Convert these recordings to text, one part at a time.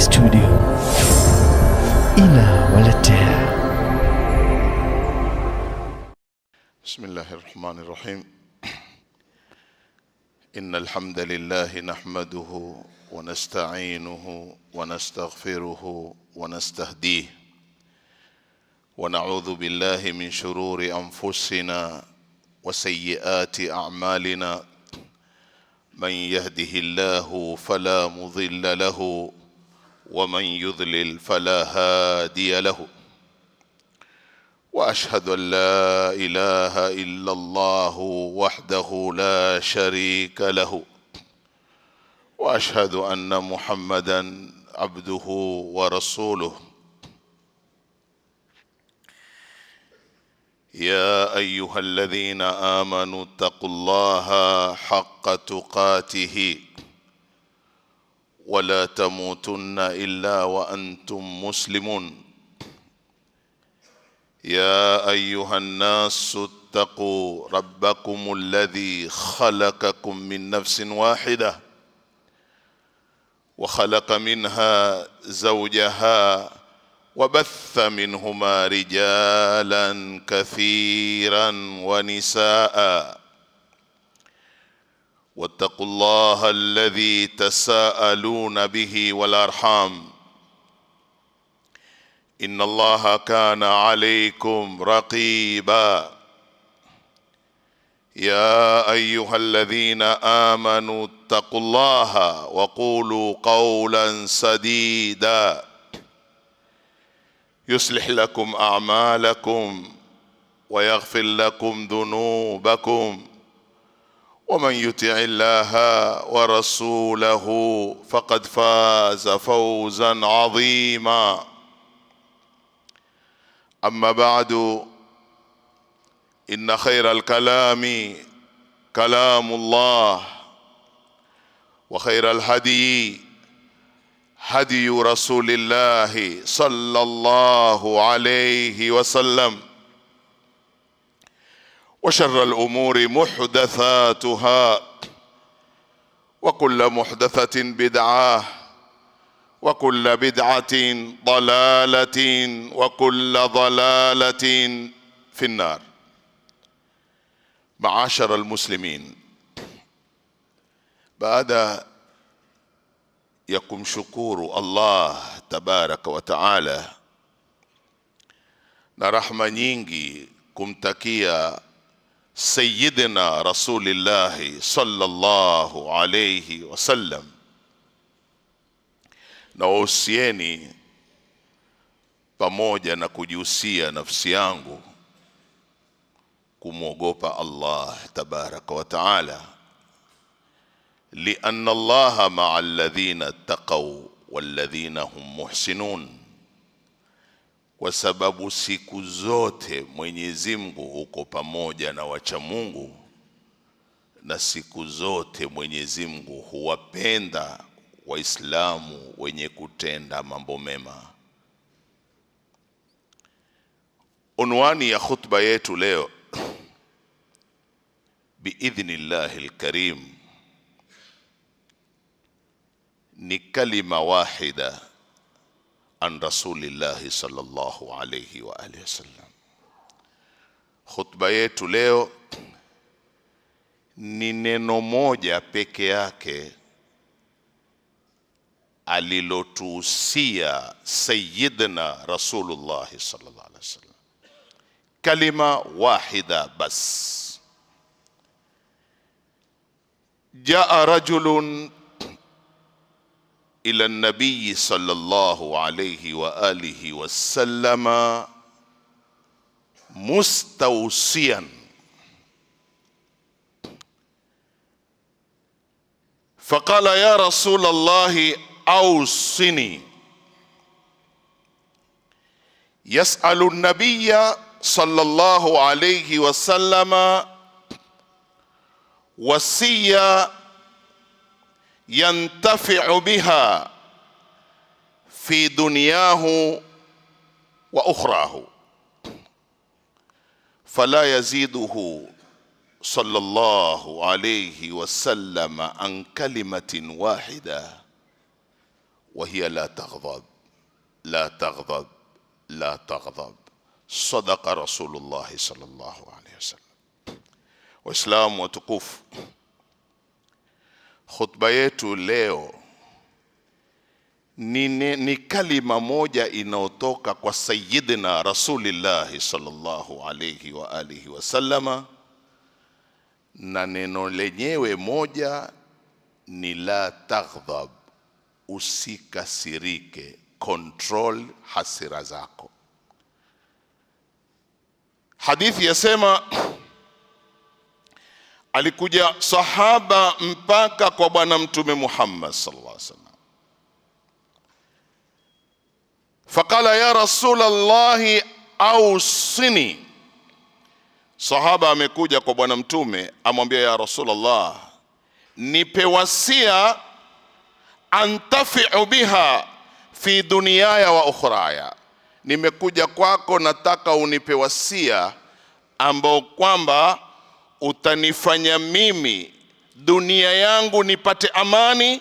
Studio inawaletea. Bismillahi rahmani rahim. Inna alhamdulillahi nahmaduhu wa nasta'inuhu wa nastaghfiruhu wa nastahdihi wa na'udhu billahi min shururi anfusina wa sayyiati a'malina man yahdihi llahu fala mudilla lahu ومن يضلل فلا هادي له واشهد ان لا اله الا الله وحده لا شريك له واشهد ان محمدا عبده ورسوله يا ايها الذين امنوا اتقوا الله حق تقاته ولا تموتن الا وانتم مسلمون يا ايها الناس اتقوا ربكم الذي خلقكم من نفس واحده وخلق منها زوجها وبث منهما رجالا كثيرا ونساء واتقوا الله الذي تساءلون به والارحام ان الله كان عليكم رقيبا يا ايها الذين امنوا اتقوا الله وقولوا قولا سديدا يصلح لكم اعمالكم ويغفر لكم ذنوبكم ومن يطع الله ورسوله فقد فاز فوزا عظيما اما بعد ان خير الكلام كلام الله وخير الهدي هدي رسول الله صلى الله عليه وسلم وشر الامور محدثاتها وكل محدثه بدعه وكل بدعه ضلاله وكل ضلاله في النار معاشر المسلمين بعد يقوم شكور الله تبارك وتعالى taala na rahma nyingi kumtakia Sayyidina Rasulillahi sallallahu alayhi wasallam. Na wahusieni pamoja na kujihusia nafsi yangu kumwogopa Allah tabaraka wa taala, lianna Allaha maa alladhina ttaqaw walladhina hum muhsinun kwa sababu siku zote Mwenyezi Mungu huko pamoja na wacha Mungu, na siku zote Mwenyezi Mungu huwapenda Waislamu wenye kutenda mambo mema. Unwani ya khutba yetu leo biidhnillahi lkarim ni kalima wahida عن رسول الله صلى الله عليه waalihi wasallam. Khutba yetu leo ni neno moja peke yake alilotuhusia Sayyidina Rasulullah sallallahu alaihi wasallam, kalima wahida bas. Jaa rajulun الى النبي صلى الله عليه واله وسلم مستوصيا فقال يا رسول الله اوصني يسال النبي صلى الله عليه وسلم وصيه ينتفع بها في دنياه واخراه فلا يزيده صلى الله عليه وسلم عن كلمه واحده وهي لا تغضب لا تغضب لا تغضب صدق رسول الله صلى الله عليه وسلم واسلام وتقوف Khutba yetu leo ni, ni, ni kalima moja inayotoka kwa Sayyidina Rasulillahi sallallahu alayhi wa alihi wasallama, na neno lenyewe moja ni la taghdhab, usikasirike, control hasira zako. Hadithi yasema alikuja sahaba mpaka kwa Bwana Mtume Muhammad sallallahu alaihi wasallam. Faqala ya rasulallahi ausini, sahaba amekuja kwa Bwana Mtume amwambia ya Rasulullah, nipe wasia antafiu biha fi dunyaya wa ukhraya, nimekuja kwako nataka unipe wasia ambao kwamba utanifanya mimi dunia yangu nipate amani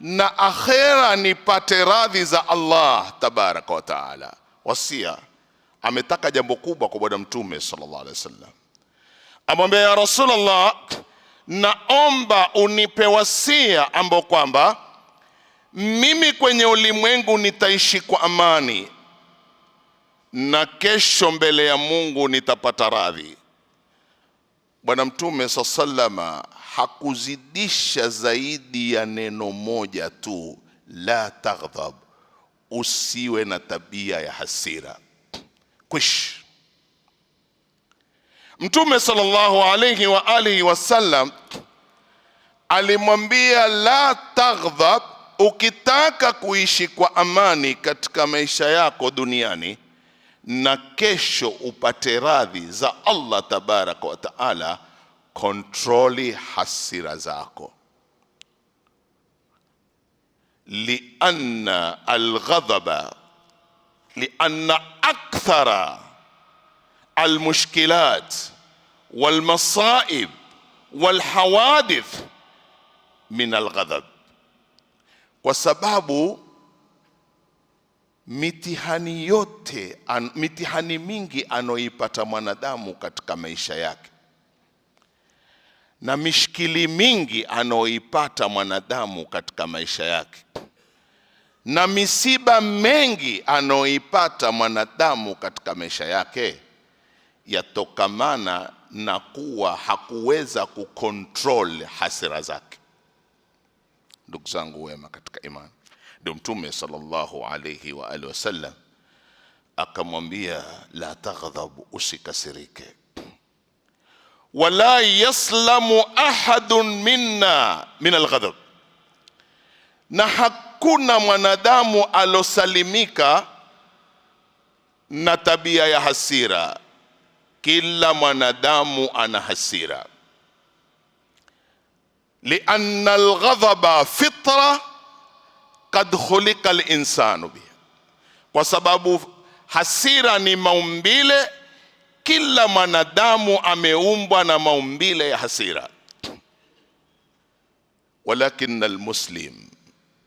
na akhera nipate radhi za Allah tabaraka wa taala. Wasia ametaka jambo kubwa kwa Bwana Mtume sallallahu alaihi wasallam, amwambia ya Rasulullah, naomba unipe wasia ambao kwamba mimi kwenye ulimwengu nitaishi kwa amani na kesho mbele ya Mungu nitapata radhi. Bwana Mtume saa salama hakuzidisha zaidi ya neno moja tu, la taghdhab, usiwe na tabia ya hasira. Kwish Mtume sallallahu alayhi wa alihi wasallam alimwambia la taghdhab, ukitaka kuishi kwa amani katika maisha yako duniani na kesho upate radhi za Allah tabaraka wa taala. Kontroli hasira zako, lianna alghadhaba lianna akthara almushkilat walmasaib walhawadith min alghadhab, kwa sababu mitihani yote an, mitihani mingi anaoipata mwanadamu katika maisha yake na mishikili mingi anayoipata mwanadamu katika maisha yake na misiba mengi anayoipata mwanadamu katika maisha yake yatokamana na kuwa hakuweza kukontrol hasira zake. Ndugu zangu wema katika imani Ndio Mtume sallallahu alayhi wa alihi wasallam akamwambia, la taghdhabu, usikasirike, wala yaslamu ahadun minna min alghadab, na hakuna mwanadamu alosalimika na tabia ya hasira. Kila mwanadamu ana hasira, lianna alghadhaba fitra Kad khuliqa linsanu bihi, kwa sababu hasira ni maumbile. Kila mwanadamu ameumbwa na maumbile ya hasira. Walakin almuslim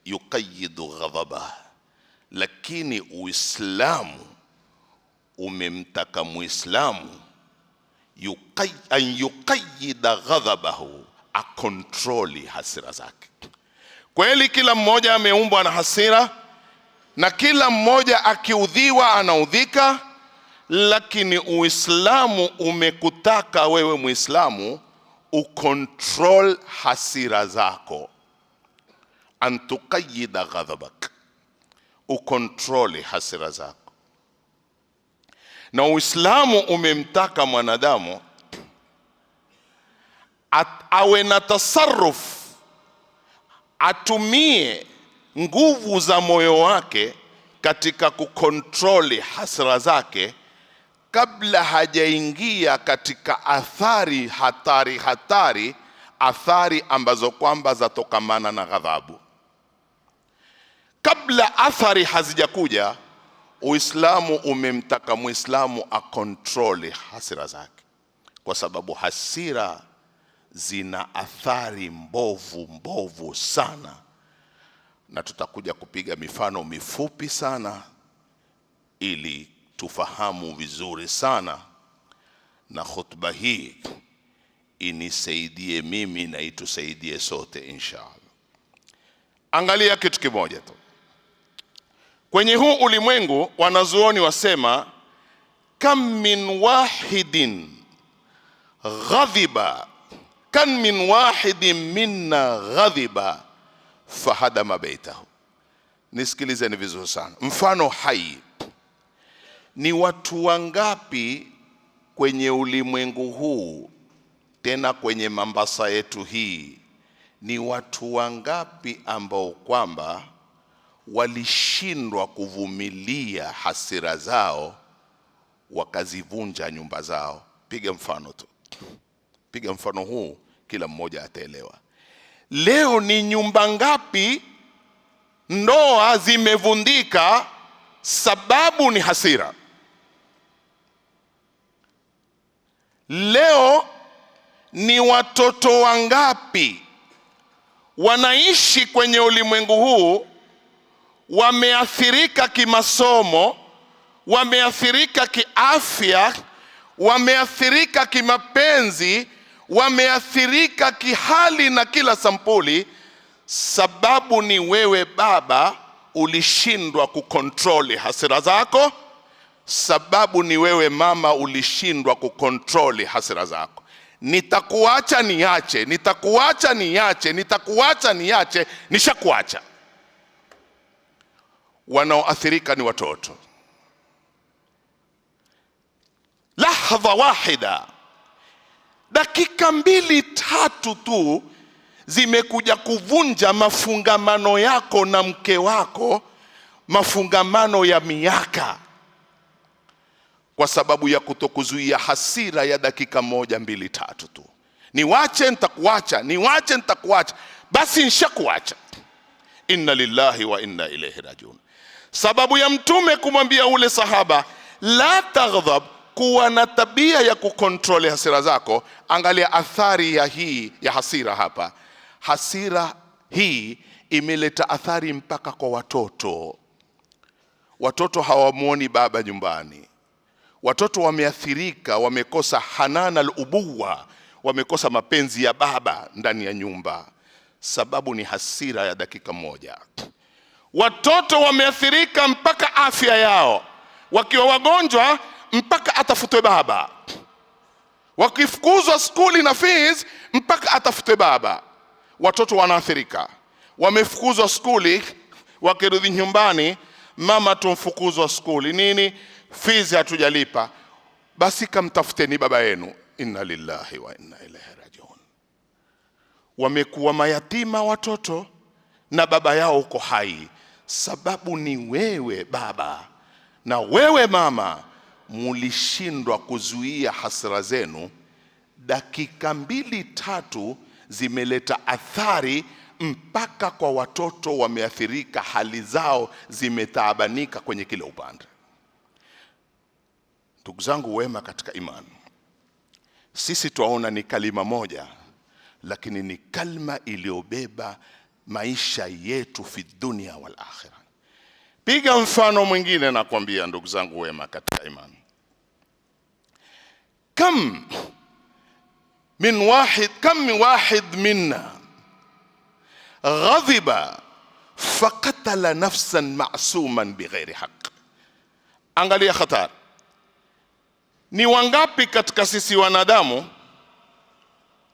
yuqayidu ghadhabah, lakini Uislamu umemtaka Muislamu an yuqayida ghadhabahu, akontroli hasira zake. Kweli kila mmoja ameumbwa na hasira na kila mmoja akiudhiwa anaudhika, lakini Uislamu umekutaka wewe Muislamu ukontrol hasira zako, antukayida ghadhabak, ukontroli hasira zako. Na Uislamu umemtaka mwanadamu awe na tasarruf atumie nguvu za moyo wake katika kukontroli hasra zake kabla hajaingia katika athari hatari hatari, athari ambazo kwamba zatokamana na ghadhabu. Kabla athari hazijakuja, Uislamu umemtaka Muislamu akontroli hasira zake, kwa sababu hasira zina athari mbovu mbovu sana, na tutakuja kupiga mifano mifupi sana ili tufahamu vizuri sana, na khutba hii inisaidie mimi na itusaidie sote inshallah. Angalia kitu kimoja tu kwenye huu ulimwengu, wanazuoni wasema kam min wahidin ghadhiba kan min wahidin minna ghadhiba fahadama beitahu. Nisikilizeni vizuri sana, mfano hai ni watu wangapi kwenye ulimwengu huu, tena kwenye mambasa yetu hii, ni watu wangapi ambao kwamba walishindwa kuvumilia hasira zao wakazivunja nyumba zao? Piga mfano tu. Piga mfano huu, kila mmoja ataelewa. Leo ni nyumba ngapi ndoa zimevundika? Sababu ni hasira. Leo ni watoto wangapi wanaishi kwenye ulimwengu huu wameathirika kimasomo, wameathirika kiafya, wameathirika kimapenzi wameathirika kihali na kila sampuli. Sababu ni wewe baba ulishindwa kukontroli hasira zako. Sababu ni wewe mama ulishindwa kukontroli hasira zako. Nitakuacha niache, nitakuacha niache, nitakuacha niache, nishakuacha. Wanaoathirika ni watoto. Lahdha wahida dakika mbili tatu tu zimekuja kuvunja mafungamano yako na mke wako, mafungamano ya miaka, kwa sababu ya kutokuzuia hasira ya dakika moja mbili tatu tu. Niwache nitakuacha, niwache nitakuacha, basi nishakuacha. Inna lillahi wa inna ilaihi rajiun. Sababu ya mtume kumwambia ule sahaba la taghdhab kuwa na tabia ya kukontroli hasira zako, angalia athari ya hii ya hasira hapa. Hasira hii imeleta athari mpaka kwa watoto. Watoto hawamwoni baba nyumbani, watoto wameathirika, wamekosa hanana alubuwa, wamekosa mapenzi ya baba ndani ya nyumba. Sababu ni hasira ya dakika moja. Watoto wameathirika mpaka afya yao, wakiwa wagonjwa mpaka atafutwe baba, wakifukuzwa skuli na fees mpaka atafutwe baba. Watoto wanaathirika, wamefukuzwa skuli, wakirudi nyumbani, mama, tumfukuzwa skuli nini, fees hatujalipa, basi kamtafuteni baba yenu. Inna lillahi wa inna ilaihi rajiun. Wamekuwa mayatima watoto na baba yao uko hai, sababu ni wewe baba na wewe mama mulishindwa kuzuia hasira zenu, dakika mbili tatu zimeleta athari mpaka kwa watoto wameathirika, hali zao zimetaabanika kwenye kila upande. Ndugu zangu wema katika imani, sisi twaona ni kalima moja, lakini ni kalima iliyobeba maisha yetu fi dunia wal akhira. Piga mfano mwingine, nakwambia ndugu zangu wema katika imani kam min wahid kam min wahid minna ghadiba faqatala nafsan ma'suman bighairi حق angalia khatar ni wangapi katika sisi wanadamu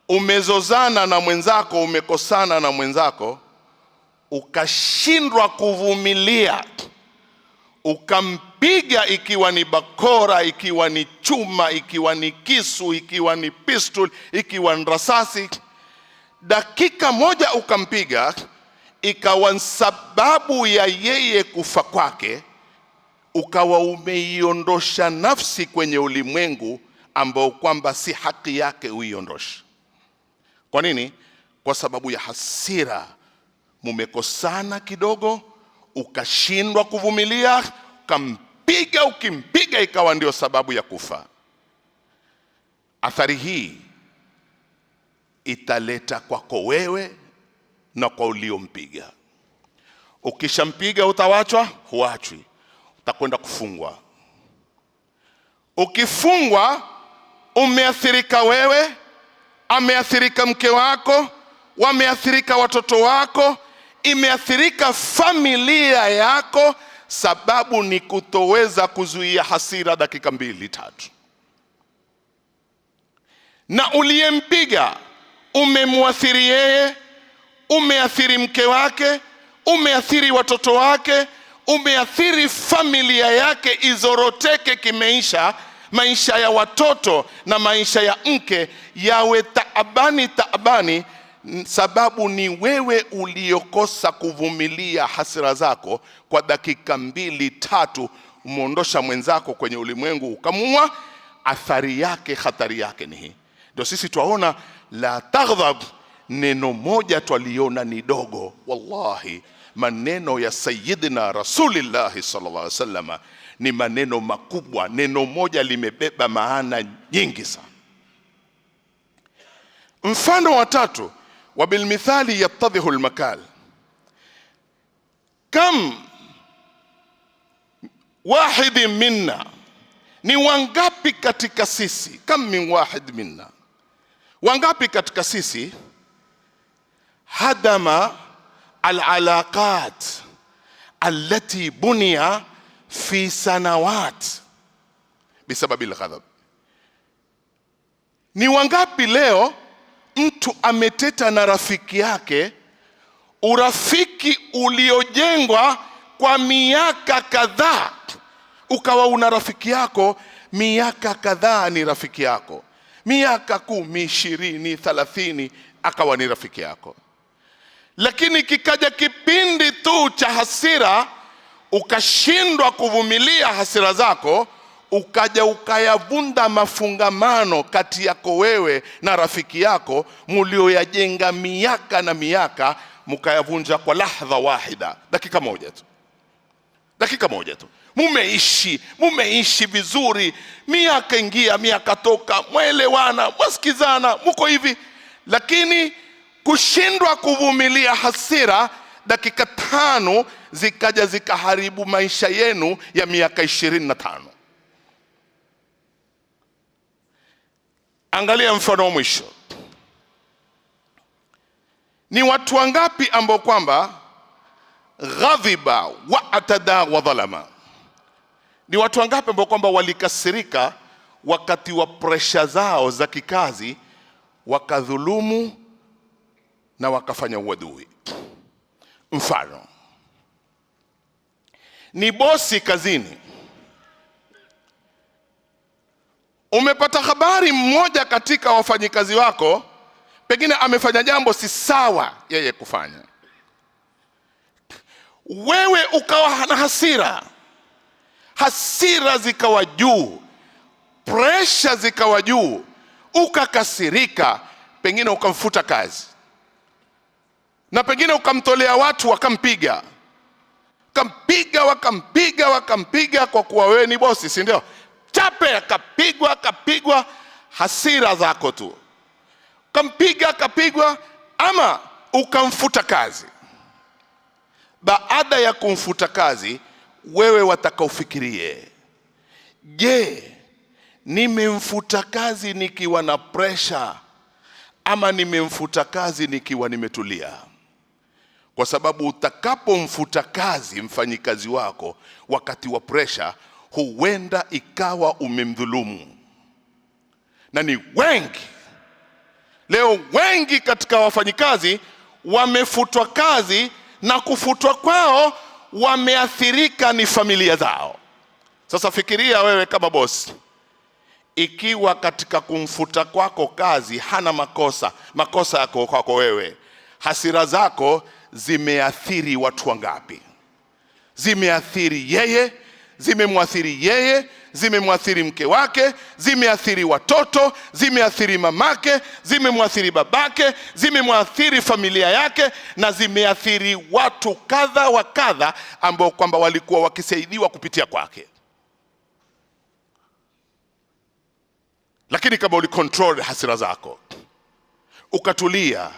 umezozana na mwenzako umekosana na mwenzako ukashindwa kuvumilia ukamp piga, ikiwa ni bakora, ikiwa ni chuma, ikiwa ni kisu, ikiwa ni pistol, ikiwa ni rasasi, dakika moja ukampiga, ikawa sababu ya yeye kufa kwake, ukawa umeiondosha nafsi kwenye ulimwengu ambao kwamba si haki yake uiondoshe. Kwa nini? Kwa sababu ya hasira. Mumekosana kidogo, ukashindwa kuvumilia, ukampiga ukimpiga ukimpiga ikawa ndio sababu ya kufa. Athari hii italeta kwako wewe na kwa uliompiga. Ukishampiga utawachwa? Huachwi, utakwenda kufungwa. Ukifungwa umeathirika wewe, ameathirika mke wako, wameathirika watoto wako, imeathirika familia yako sababu ni kutoweza kuzuia hasira dakika mbili tatu, na uliyempiga umemwathiri yeye, umeathiri mke wake, umeathiri watoto wake, umeathiri familia yake, izoroteke kimaisha. Maisha ya watoto na maisha ya mke yawe taabani taabani sababu ni wewe uliokosa kuvumilia hasira zako kwa dakika mbili tatu, umeondosha mwenzako kwenye ulimwengu ukamua, athari yake, hatari yake ni hii. Ndio sisi twaona la taghdhab, neno moja twaliona ni dogo. Wallahi, maneno ya Sayyidina Rasulillahi sallallahu alaihi wasallam ni maneno makubwa. Neno moja limebeba maana nyingi sana. Mfano wa tatu وبالمثال يتضح المكال كم واحد منا ni wangapi katika sisi kam min wahid minna wangapi katika sisi hadama alalaqat allati bunia fi sanawat bisababi lghadhab ni wangapi leo mtu ameteta na rafiki yake, urafiki uliojengwa kwa miaka kadhaa, ukawa una rafiki yako miaka kadhaa, ni rafiki yako miaka kumi, ishirini, thalathini, akawa ni rafiki yako. Lakini kikaja kipindi tu cha hasira, ukashindwa kuvumilia hasira zako, ukaja ukayavunda mafungamano kati yako wewe na rafiki yako mulioyajenga miaka na miaka, mukayavunja kwa lahdha wahida, dakika moja tu, dakika moja tu. Mumeishi, mumeishi vizuri, miaka ingia miaka toka, mwelewana, mwasikizana, muko hivi, lakini kushindwa kuvumilia hasira dakika tano zikaja zikaharibu maisha yenu ya miaka ishirini na tano. Angalia mfano wa mwisho, ni watu wangapi ambao kwamba ghadhiba wa atada wa dhalama, ni watu wangapi ambao kwamba walikasirika wakati wa presha zao za kikazi, wakadhulumu na wakafanya uadui. Mfano ni bosi kazini Umepata habari mmoja katika wafanyikazi wako pengine amefanya jambo si sawa yeye kufanya, wewe ukawa na hasira, hasira zikawa juu, presha zikawa juu, ukakasirika, pengine ukamfuta kazi na pengine ukamtolea watu, wakampiga, kampiga, wakampiga, wakampiga, kwa kuwa wewe ni bosi, si ndio? chape, akapigwa akapigwa, hasira zako tu, ukampiga akapigwa, ama ukamfuta kazi. Baada ya kumfuta kazi, wewe watakaofikirie, je, nimemfuta kazi nikiwa na presha ama nimemfuta kazi nikiwa nimetulia? Kwa sababu utakapomfuta kazi mfanyikazi wako wakati wa presha huenda ikawa umemdhulumu. Na ni wengi leo, wengi katika wafanyikazi wamefutwa kazi, na kufutwa kwao wameathirika ni familia zao. Sasa fikiria wewe kama bosi, ikiwa katika kumfuta kwako kazi hana makosa, makosa yako kwako wewe, hasira zako zimeathiri watu wangapi? Zimeathiri yeye zimemwathiri yeye, zimemwathiri mke wake, zimeathiri watoto, zimeathiri mamake, zimemwathiri babake, zimemwathiri familia yake, na zimeathiri watu kadha wa kadha ambao kwamba walikuwa wakisaidiwa kupitia kwake. Lakini kama ulikontrol hasira zako ukatulia,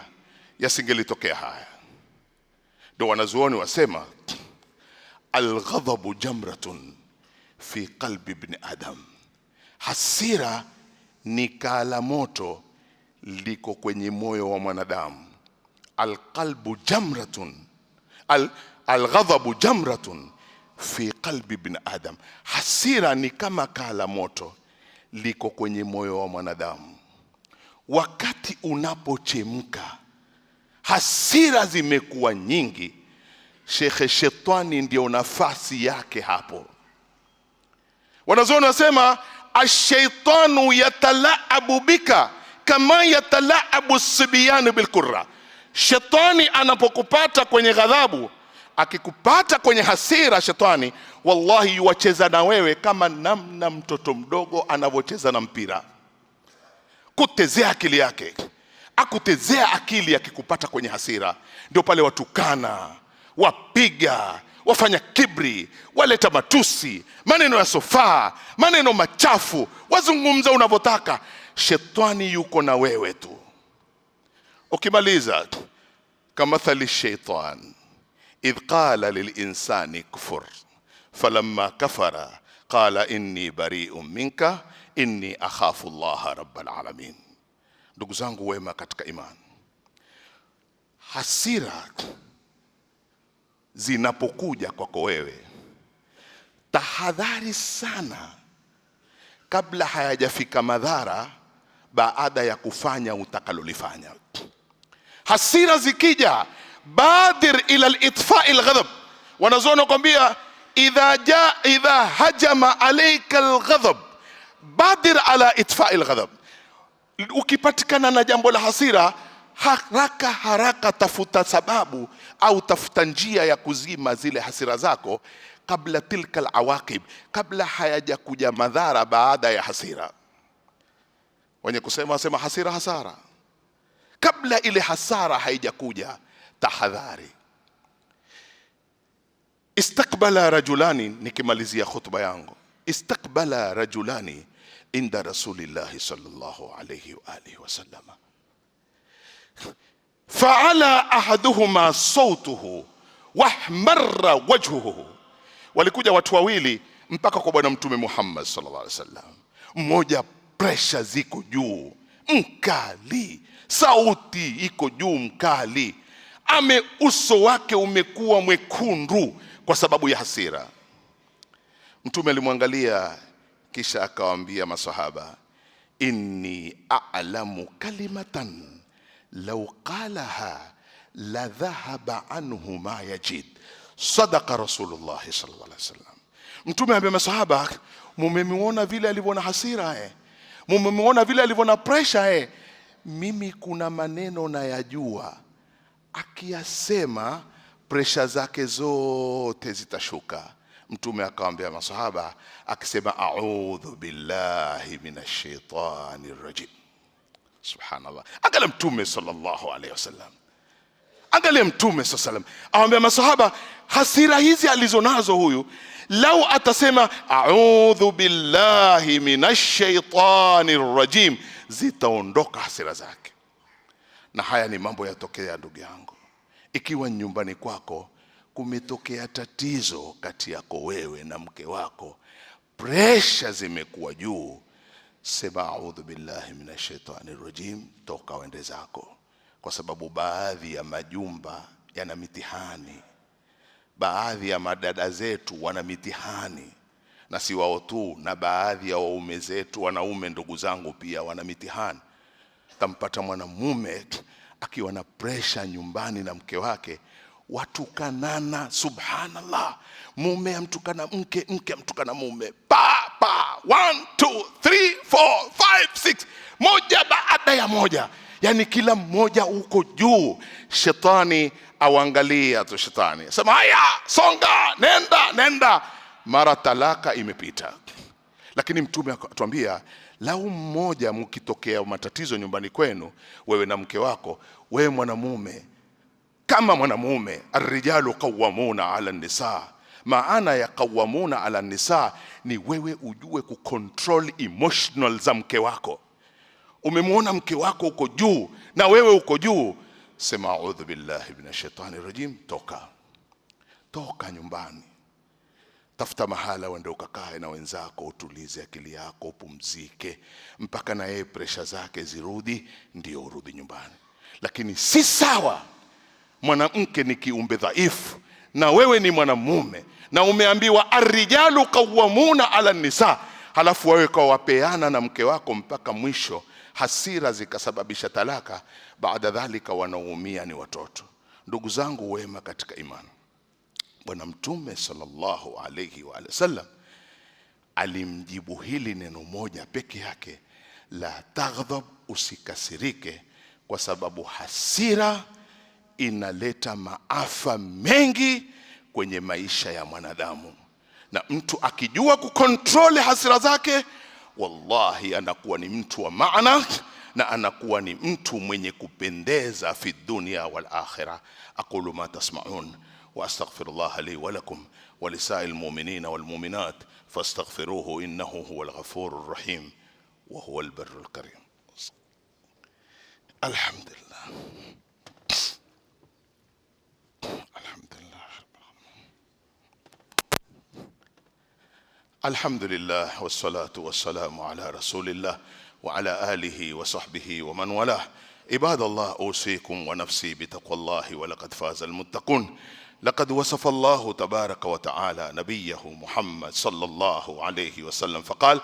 yasingelitokea haya. Ndio wanazuoni wasema alghadhabu jamratun fi qalbi ibn adam, hasira ni kala moto liko kwenye moyo wa mwanadamu. Alqalbu jamratun al, alghadhabu jamratun fi qalbi ibn adam, hasira ni kama kala moto liko kwenye moyo wa mwanadamu. Wakati unapochemka hasira zimekuwa nyingi Shekhe Shetani ndio nafasi yake hapo. Wanazoona wasema ashaitanu yatalaabu bika kama yatalaabu sibyanu bilqurra, shetani anapokupata kwenye ghadhabu, akikupata kwenye hasira, shetani wallahi yuwacheza na wewe kama namna mtoto mdogo anavyocheza na mpira, kutezea akili yake, akutezea akili akikupata kwenye hasira. Ndio pale watukana wapiga, wafanya kibri, waleta matusi, maneno ya sofaa, maneno machafu, wazungumza unavyotaka. Shetani yuko na wewe tu. Ukimaliza, kamathali shaitan idh qala lilinsani kfur falamma kafara qala inni bariu minka inni akhafu llaha rabbal alamin. Ndugu zangu wema katika imani, hasira zinapokuja kwako wewe. Tahadhari sana kabla hayajafika madhara baada ya kufanya utakalolifanya. Hasira zikija, badir ila litfai lghadhab. Wanazoona kwambia idha ja idha hajama alaika lghadhab badir ala itfai lghadhab. Ukipatikana na jambo la hasira haraka haraka, tafuta sababu au tafuta njia ya kuzima zile hasira zako kabla tilka alawaqib, kabla hayajakuja madhara baada ya hasira. Wenye kusema wasema hasira hasara, kabla ile hasara haijakuja tahadhari. Istakbala rajulani, nikimalizia khutba yangu, istakbala rajulani inda rasulillahi sallallahu alayhi wa alihi wasallam faala ahaduhuma sautuhu wahmarra wajhuhu, walikuja watu wawili mpaka kwa Bwana Mtume Muhammad sallallahu alaihi wasallam. Mmoja presha ziko juu mkali, sauti iko juu mkali, ame uso wake umekuwa mwekundu kwa sababu ya hasira. Mtume alimwangalia kisha akawaambia masahaba, inni a'lamu kalimatan lau qalaha la dhahaba anhu ma yajid, sadaqa Rasulullah sallallahu alaihi wasallam. Mtume ambaye masahaba, mumemiona vile alivyo na hasira eh, mumemiona vile alivyo na pressure eh. Mimi kuna maneno nayajua, akiyasema presha zake zote zitashuka. Mtume akawambia masahaba akisema, audhu billahi minash shaitani rajim Subhanallah, angalia Mtume sallallahu alaihi wasallam, angalia Mtume saa wasallam awaambia masahaba hasira hizi alizonazo huyu, lau atasema audhu billahi minash shaitani rrajim, zitaondoka hasira zake. Na haya ni mambo yatokea, ndugu yangu, ikiwa nyumbani kwako kumetokea tatizo kati yako wewe na mke wako, presha zimekuwa juu sema audhu billahi minashaitani rajim, toka wende zako, kwa sababu baadhi ya majumba yana mitihani, baadhi ya madada zetu wana mitihani na si wao tu, na baadhi ya waume zetu, wanaume ndugu zangu, pia wana mitihani. Tampata mwanamume akiwa na presha nyumbani na mke wake watukanana. Subhanallah, mume amtukana mke, mke amtukana mume bah! one, two, three, four, five, six, moja baada ya moja, yani kila mmoja huko juu. Shetani awangalia tu, shetani sema haya, songa, nenda, nenda. Mara talaka imepita, lakini mtume atuambia lau mmoja mkitokea matatizo nyumbani kwenu, wewe na mke wako, wewe mwanamume kama mwanamume, arrijalu qawamuna ala nisaa maana ya qawamuna ala nisa ni wewe ujue kucontrol emotional za mke wako. Umemwona mke wako uko juu na wewe uko juu, sema audhu billahi minashaitani rajim, toka toka nyumbani, tafuta mahala wende ukakae na wenzako, utulize akili yako, upumzike mpaka na yeye presha zake zirudi, ndio urudi nyumbani. Lakini si sawa, mwanamke ni kiumbe dhaifu na wewe ni mwanamume na umeambiwa arrijalu qawwamuna ala nisa, halafu wewe kawapeana na mke wako mpaka mwisho, hasira zikasababisha talaka. Baada dhalika, wanaoumia ni watoto. Ndugu zangu wema katika imani, Bwana Mtume sallallahu alayhi wa sallam alimjibu hili neno moja peke yake, la taghdhab, usikasirike, kwa sababu hasira inaleta maafa mengi kwenye maisha ya mwanadamu, na mtu akijua kukontroli hasira zake, wallahi anakuwa ni mtu wa maana na anakuwa ni mtu mwenye kupendeza fi dunia wal akhira. aqulu ma tasmaun wa astaghfirullah li wa lakum wa lisail mu'minin wal muminat fastaghfiruhu innahu huwal ghafurur rahim wa huwal barrul karim. Alhamdulillah. الحمد لله والصلاة والسلام على رسول الله وعلى آله وصحبه ومن والاه عباد الله أوصيكم ونفسي بتقوى الله ولقد فاز المتقون لقد وصف الله تبارك وتعالى نبيه محمد صلى الله عليه وسلم فقال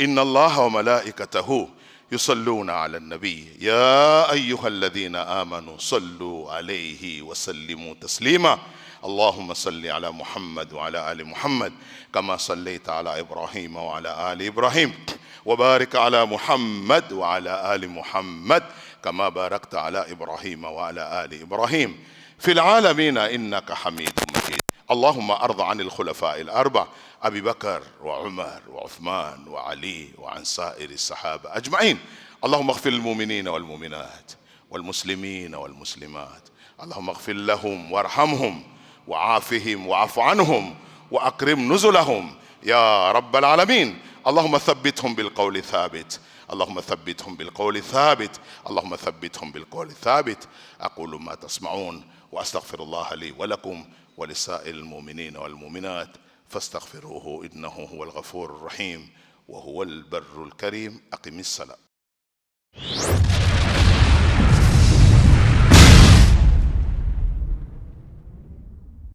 إن الله وملائكته يصلون على النبي يا أيها الذين آمنوا صلوا عليه وسلموا تسليماً اللهم صل على محمد وعلى ال محمد كما صليت على ابراهيم وعلى ال ابراهيم وبارك على محمد وعلى ال محمد كما باركت على ابراهيم وعلى ال ابراهيم في العالمين انك حميد مجيد اللهم ارض عن الخلفاء الاربع ابي بكر وعمر وعثمان وعلي وعن سائر الصحابه اجمعين اللهم اغفر للمؤمنين والمؤمنات والمسلمين والمسلمات اللهم اغفر لهم وارحمهم وعافهم وعف عنهم واكرم نزلهم يا رب العالمين اللهم ثبتهم بالقول الثابت اللهم ثبتهم بالقول الثابت اللهم ثبتهم بالقول الثابت اقول ما تسمعون واستغفر الله لي ولكم ولسائر المؤمنين والمؤمنات فاستغفروه انه هو الغفور الرحيم وهو البر الكريم اقم الصلاه